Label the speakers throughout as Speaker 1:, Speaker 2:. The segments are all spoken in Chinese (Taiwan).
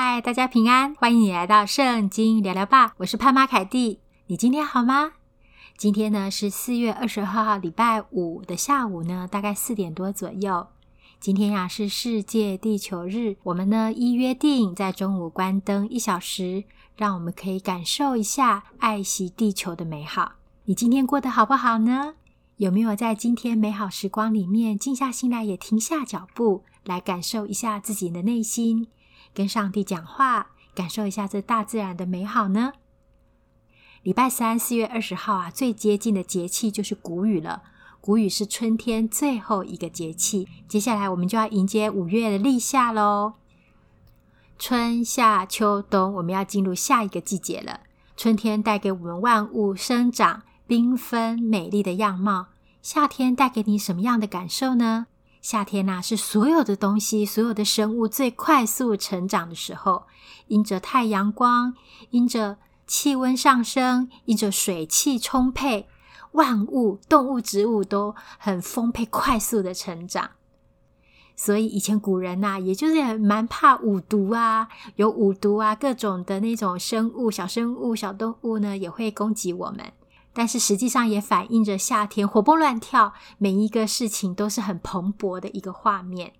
Speaker 1: 嗨，Hi, 大家平安，歡迎你來到聖經聊聊吧。我是潘媽凱蒂，你今天好嗎？今天呢，是四月二十二號禮拜五的下午呢，大概四點多左右。今天呀、啊、是世界地球日，我們呢依約定在中午關燈一小時，讓我們可以感受一下愛惜地球的美好。你今天過得好不好呢？有沒有在今天美好時光裡面靜下心來，也停下腳步來感受一下自己的內心？跟上帝講話，感受一下這大自然的美好呢。禮拜三，四月二十號啊，最接近的節氣就是穀雨了。穀雨是春天最後一個節氣，接下來我們就要迎接五月的立夏嘍。春夏秋冬，我們要進入下一個季節了。春天帶給我們萬物生長、繽紛美麗的樣貌，夏天帶給你什麼樣的感受呢？夏天吶、啊，是所有的東西、所有的生物最快速成長的時候。因着太陽光，因着氣溫上升，因着水氣充沛，萬物、動物、植物都很豐沛、快速的成長。所以以前古人吶、啊，也就是也蠻怕五毒啊，有五毒啊，各種的那種生物、小生物、小動物呢，也會攻擊我們。但是實際上也反映着夏天活蹦亂跳，每一個事情都是很蓬勃的一個畫面。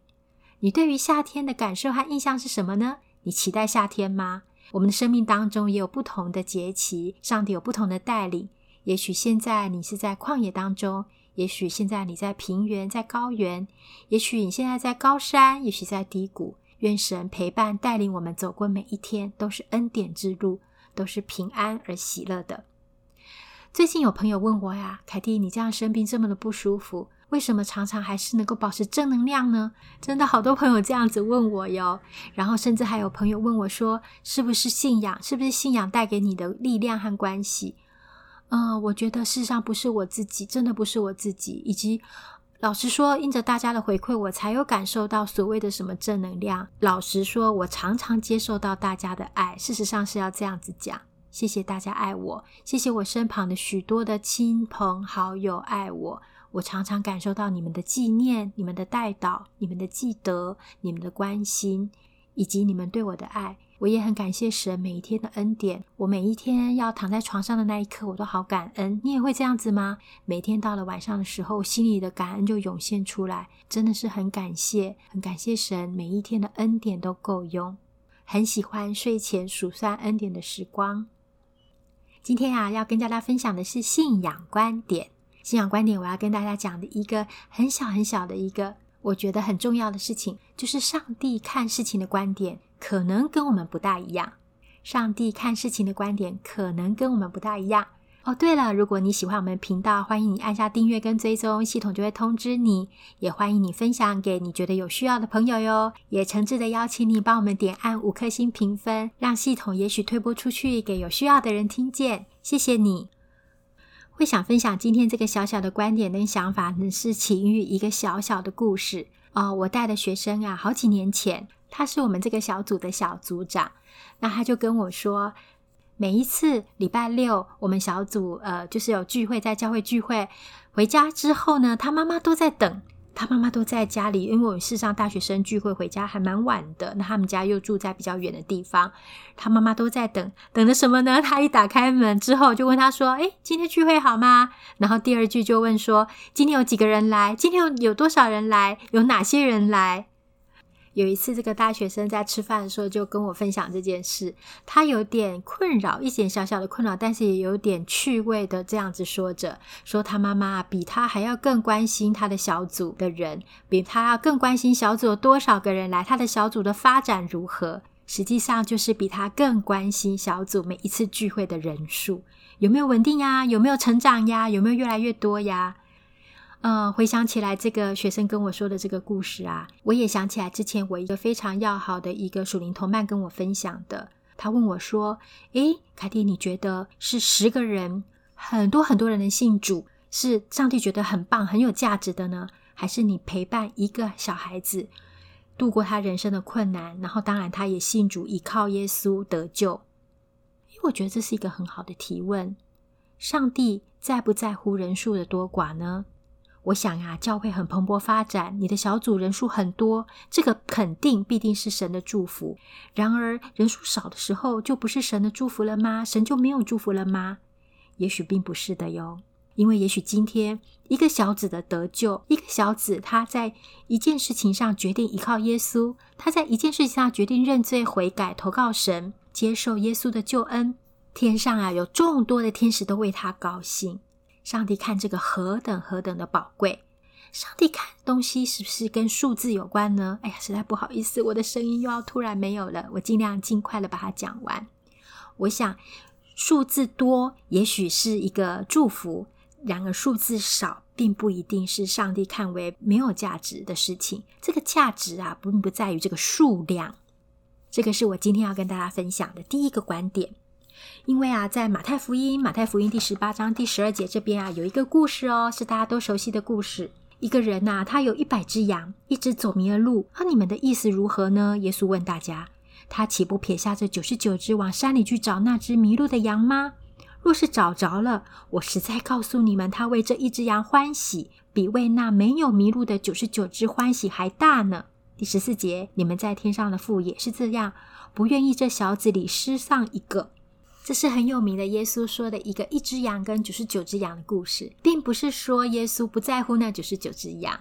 Speaker 1: 你對於夏天的感受和印象是什麼呢？你期待夏天嗎？我們的生命當中也有不同的節氣，上帝有不同的帶領。也許現在你是在曠野當中，也許現在你在平原、在高原，也許你現在在高山，也許在低谷。願神陪伴帶領我們走過每一天，都是恩典之路，都是平安而喜樂的。最近有朋友問我呀，凱蒂，你這樣生病這麼的不舒服，為什麼常常還是能夠保持正能量呢？真的好多朋友這樣子問我喲，然後甚至還有朋友問我說，是不是信仰，是不是信仰帶給你的力量和關係？嗯，我覺得事實上不是我自己，真的不是我自己，以及老實說，因着大家的回饋，我才有感受到所謂的什麼正能量。老實說，我常常接受到大家的愛，事實上是要這樣子講。謝謝大家愛我，謝謝我身旁的許多的親朋好友愛我。我常常感受到你們的紀念、你們的代禱、你們的記得、你們的關心，以及你們對我的愛。我也很感謝神每一天的恩典。我每一天要躺在床上的那一刻，我都好感恩。你也會這樣子嗎？每天到了晚上的時候，我心裡的感恩就湧現出來，真的是很感謝，很感謝神每一天的恩典都夠用。很喜歡睡前數算恩典的時光。今天啊，要跟大家分享的是信仰觀點。信仰觀點，我要跟大家講的一個很小很小的一個，我覺得很重要的事情，就是上帝看事情的觀點可能跟我們不大一樣。上帝看事情的觀點可能跟我們不大一樣。哦，對了，如果你喜歡我們頻道，歡迎你按下訂閱跟追蹤，系統就會通知你。也歡迎你分享給你覺得有需要的朋友喲。也誠摯地邀請你幫我們點按五顆星評分，讓系統也許推播出去給有需要的人聽見。謝謝你。會想分享今天這個小小的觀點跟想法呢，是起於一個小小的故事。哦，我帶的學生啊，好幾年前，他是我們這個小組的小組長，那他就跟我說。每一次禮拜六，我們小組呃就是有聚會，在教會聚會，回家之後呢，他媽媽都在等，他媽媽都在家裡，因為我們是上大學生聚會，回家還蠻晚的，那他們家又住在比較遠的地方，他媽媽都在等，等着什麼呢？他一打開門之後，就問他說：“誒，今天聚會好嗎？”然後第二句就問說：“今天有幾個人來？今天有有多少人來？有哪些人來？”有一次，這個大學生在吃飯的時候就跟我分享這件事，他有點困擾，一點小小的困擾，但是也有點趣味的這樣子說着，說他媽媽比他還要更關心他的小組的人，比他要更關心小組有多少個人來，他的小組的發展如何，實際上就是比他更關心小組每一次聚會的人數，有沒有穩定呀，有沒有成長呀，有沒有越來越多呀。嗯，回想起來，這個學生跟我說的這個故事啊，我也想起來之前我一個非常要好的一個屬靈同伴跟我分享的。他問我說：“誒，凱蒂，你覺得是十個人，很多很多人的信主，是上帝覺得很棒，很有價值的呢，還是你陪伴一個小孩子度過他人生的困難，然後當然他也信主，依靠耶穌得救？”哎，我覺得這是一個很好的提問。上帝在不在乎人數的多寡呢？我想啊，教會很蓬勃發展，你的小組人數很多，這個肯定必定是神的祝福。然而人數少的時候，就不是神的祝福了嗎？神就沒有祝福了嗎？也許並不是的喲，因為也許今天一個小子的得救，一個小子他在一件事情上決定依靠耶穌，他在一件事情上決定認罪悔改，投靠神，接受耶穌的救恩。天上啊有眾多的天使都為他高興。上帝看這個何等何等的寶貴。上帝看東西是不是跟數字有關呢？哎呀，實在不好意思，我的聲音又要突然沒有了。我盡量盡快的把它講完。我想，數字多也許是一個祝福，然而數字少並不一定是上帝看為沒有價值的事情。這個價值啊，並不，不在於這個數量。這個是我今天要跟大家分享的第一個觀點。因為啊，在馬太福音馬太福音第十八章第十二節這邊啊，有一個故事哦，是大家都熟悉的故事。一個人吶、啊，他有一百隻羊，一隻走迷了路。那、啊、你們的意思如何呢？耶穌問大家。他豈不撇下這九十九隻，往山裡去找那隻迷路的羊嗎？若是找着了，我實在告訴你們，他為這一隻羊歡喜，比為那沒有迷路的九十九隻歡喜還大呢。第十四節，你們在天上的父也是這樣，不願意這小子裡失喪一個。這是很有名的，耶穌說的一個一隻羊跟九十九隻羊的故事，並不是說耶穌不在乎那九十九隻羊，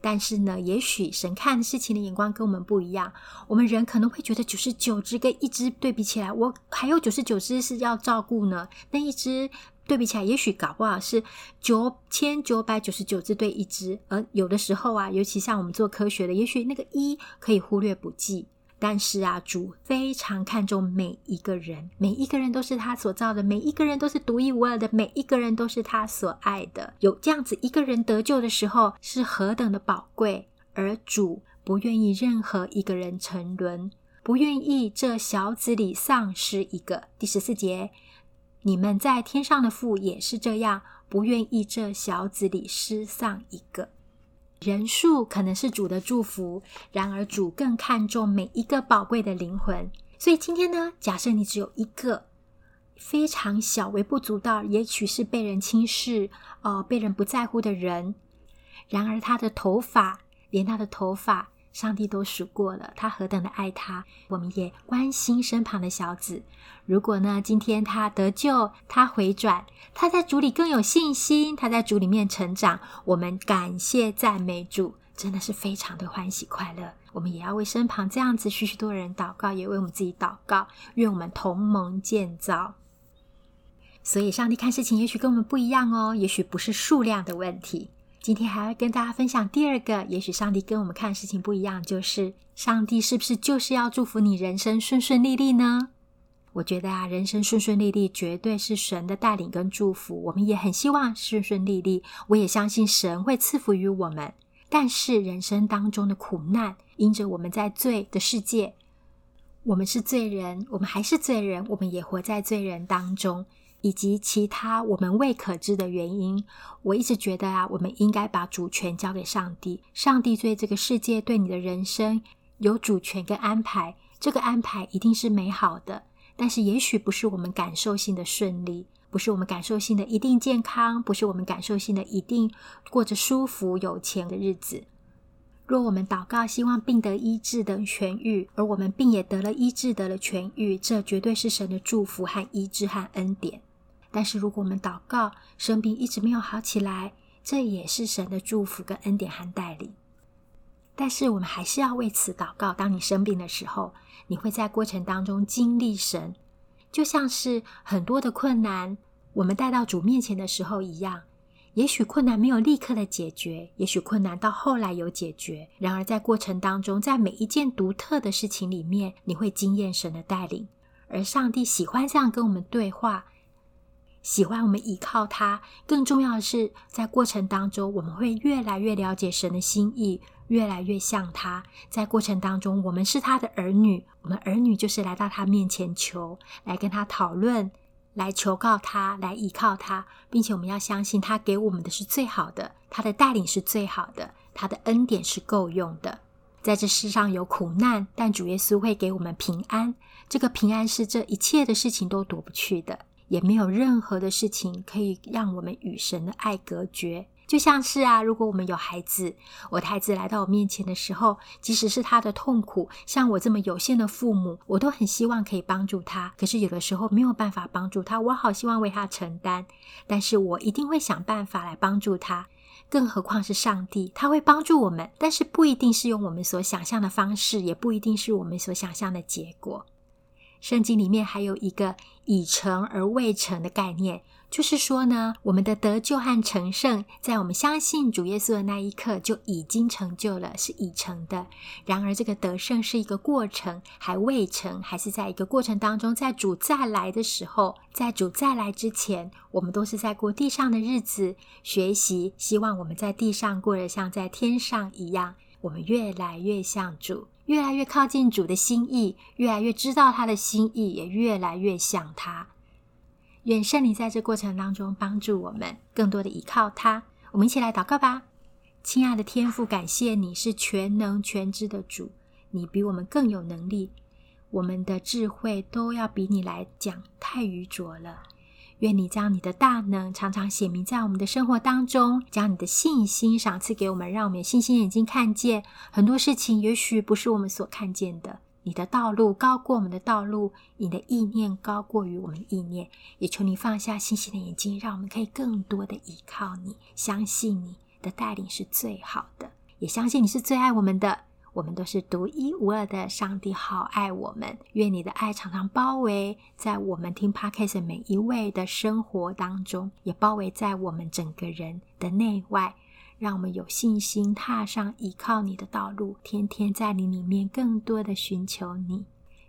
Speaker 1: 但是呢，也許神看事情的眼光跟我們不一樣。我們人可能會覺得九十九隻跟一隻對比起來，我還有九十九隻是要照顧呢，那一隻對比起來，也許搞不好是九千九百九十九隻對一隻，而有的時候啊，尤其像我們做科學的，也許那個一可以忽略不計，但是啊，主非常看重每一個人，每一個人都是他所造的，每一個人都是獨一無二的，每一個人都是他所愛的。有這樣子一個人得救的時候，是何等的寶貴！而主不願意任何一個人沉淪，不願意這小子裡喪失一個。第十四節，你們在天上的父也是這樣，不願意這小子裡失喪一個。人數可能是主的祝福，然而主更看重每一個寶貴的靈魂。所以今天呢，假設你只有一個非常小、微不足道，也許是被人輕視、哦、呃、被人不在乎的人，然而他的頭髮，連他的頭髮。上帝都數過了，他何等的愛他！我們也關心身旁的小子。如果呢，今天他得救，他回轉，他在主裡更有信心，他在主裡面成長，我們感謝讚美主，真的是非常的歡喜快樂。我們也要為身旁這樣子許許多人禱告，也為我們自己禱告，願我們同盟建造。所以，上帝看事情，也許跟我們不一樣哦，也許不是數量的問題。今天還要跟大家分享第二個，也許上帝跟我們看的事情不一樣，就是上帝是不是就是要祝福你人生順順利利呢？我覺得啊，人生順順利利絕對是神的帶領跟祝福，我們也很希望順順利利。我也相信神會賜福於我們，但是人生當中的苦難，因着我們在罪的世界，我們是罪人，我們還是罪人，我們也活在罪人當中。以及其他我們未可知的原因，我一直覺得啊，我們應該把主權交給上帝。上帝對這個世界，對你的人生有主權跟安排，這個安排一定是美好的。但是，也許不是我們感受性的順利，不是我們感受性的一定健康，不是我們感受性的一定過着舒服、有錢的日子。若我們禱告，希望病得醫治得痊癒，而我們病也得了醫治、得了痊癒，這絕對是神的祝福和醫治和恩典。但是，如果我們禱告，生病一直沒有好起來，這也是神的祝福跟恩典和帶領。但是，我們還是要為此禱告。當你生病的時候，你會在過程當中經歷神，就像是很多的困難，我們帶到主面前的時候一樣。也許困難沒有立刻的解決，也許困難到後來有解決。然而，在過程當中，在每一件獨特的事情裡面，你會經驗神的帶領。而上帝喜歡這樣跟我們對話。喜歡我們依靠他，更重要的是，在過程當中，我們會越來越了解神的心意，越來越像他。在過程當中，我們是他的兒女，我們兒女就是來到他面前求，來跟他討論，來求告他，來依靠他，並且我們要相信他給我們的是最好的，他的帶領是最好的，他的恩典是夠用的。在這世上有苦難，但主耶穌會給我們平安，這個平安是這一切的事情都奪不去的。也沒有任何的事情可以讓我們與神的愛隔絕。就像是啊，如果我們有孩子，我的孩子來到我面前的時候，即使是他的痛苦，像我這麼有限的父母，我都很希望可以幫助他。可是有的時候沒有辦法幫助他，我好希望為他承擔，但是我一定會想辦法來幫助他。更何況是上帝，他會幫助我們，但是不一定是用我們所想象的方式，也不一定是我們所想象的結果。聖經裡面還有一個“已成而未成”的概念，就是說呢，我們的得救和成聖，在我們相信主耶穌的那一刻就已經成就了，是已成的。然而，這個得勝是一個過程，還未成，還是在一個過程當中。在主再來的時候，在主再來之前，我們都是在過地上的日子，學習，希望我們在地上過得像在天上一樣。我們越來越像主，越來越靠近主的心意，越來越知道他的心意，也越來越像他。願聖靈在這過程當中幫助我們，更多的依靠他。我們一起來禱告吧，親愛的天父，感謝你是全能全知的主，你比我們更有能力，我們的智慧都要比你來講太愚拙了。願你將你的大能常常顯明在我們的生活當中，將你的信心賞賜給我們，讓我們的信心眼睛看見，很多事情也許不是我們所看見的。你的道路高過我們的道路，你的意念高過於我們的意念，也求你放下信心的眼睛，讓我們可以更多的依靠你，相信你的帶領是最好的，也相信你是最愛我們的。我們都是獨一無二的，上帝好愛我們。願你的愛常常包圍在我們聽 podcast 每一位的生活當中，也包圍在我們整個人的內外，讓我們有信心踏上依靠你的道路，天天在你裡面更多的尋求你。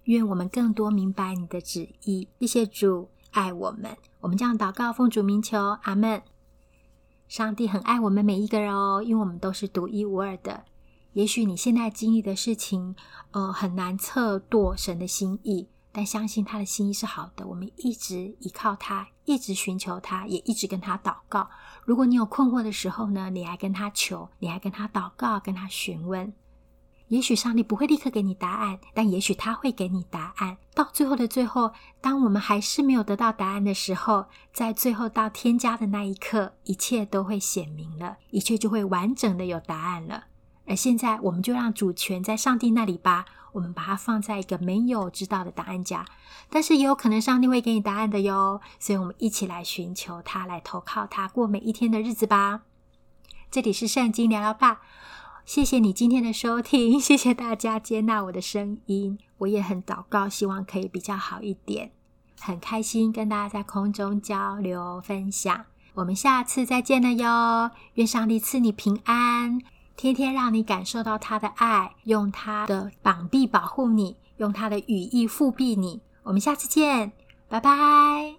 Speaker 1: 願我們更多明白你的旨意。謝謝主，愛我們。我們這樣禱告奉主名求，阿門。上帝很愛我們每一個人哦，因為我們都是獨一無二的。也許你現在經歷的事情，呃，很難測度神的心意，但相信他的心意是好的。我們一直依靠他，一直尋求他，也一直跟他禱告。如果你有困惑的時候呢，你還跟他求，你還跟他禱告，跟他詢問。也許上帝不會立刻給你答案，但也許他會給你答案。到最後的最後，當我們還是沒有得到答案的時候，在最後到天家的那一刻，一切都會顯明了，一切就會完整的有答案了。而現在，我們就讓主權在上帝那裡吧。我們把它放在一個沒有知道的答案家，但是也有可能上帝會給你答案的喲。所以，我們一起來尋求它，來投靠它，過每一天的日子吧。這裡是聖經聊聊吧。謝謝你今天的收聽，謝謝大家接納我的聲音。我也很禱告，希望可以比較好一點。很開心跟大家在空中交流分享。我們下次再見了喲。願上帝賜你平安。天天讓你感受到他的愛，用他的膀臂保護你，用他的羽翼覆庇你。我們下次見，拜拜。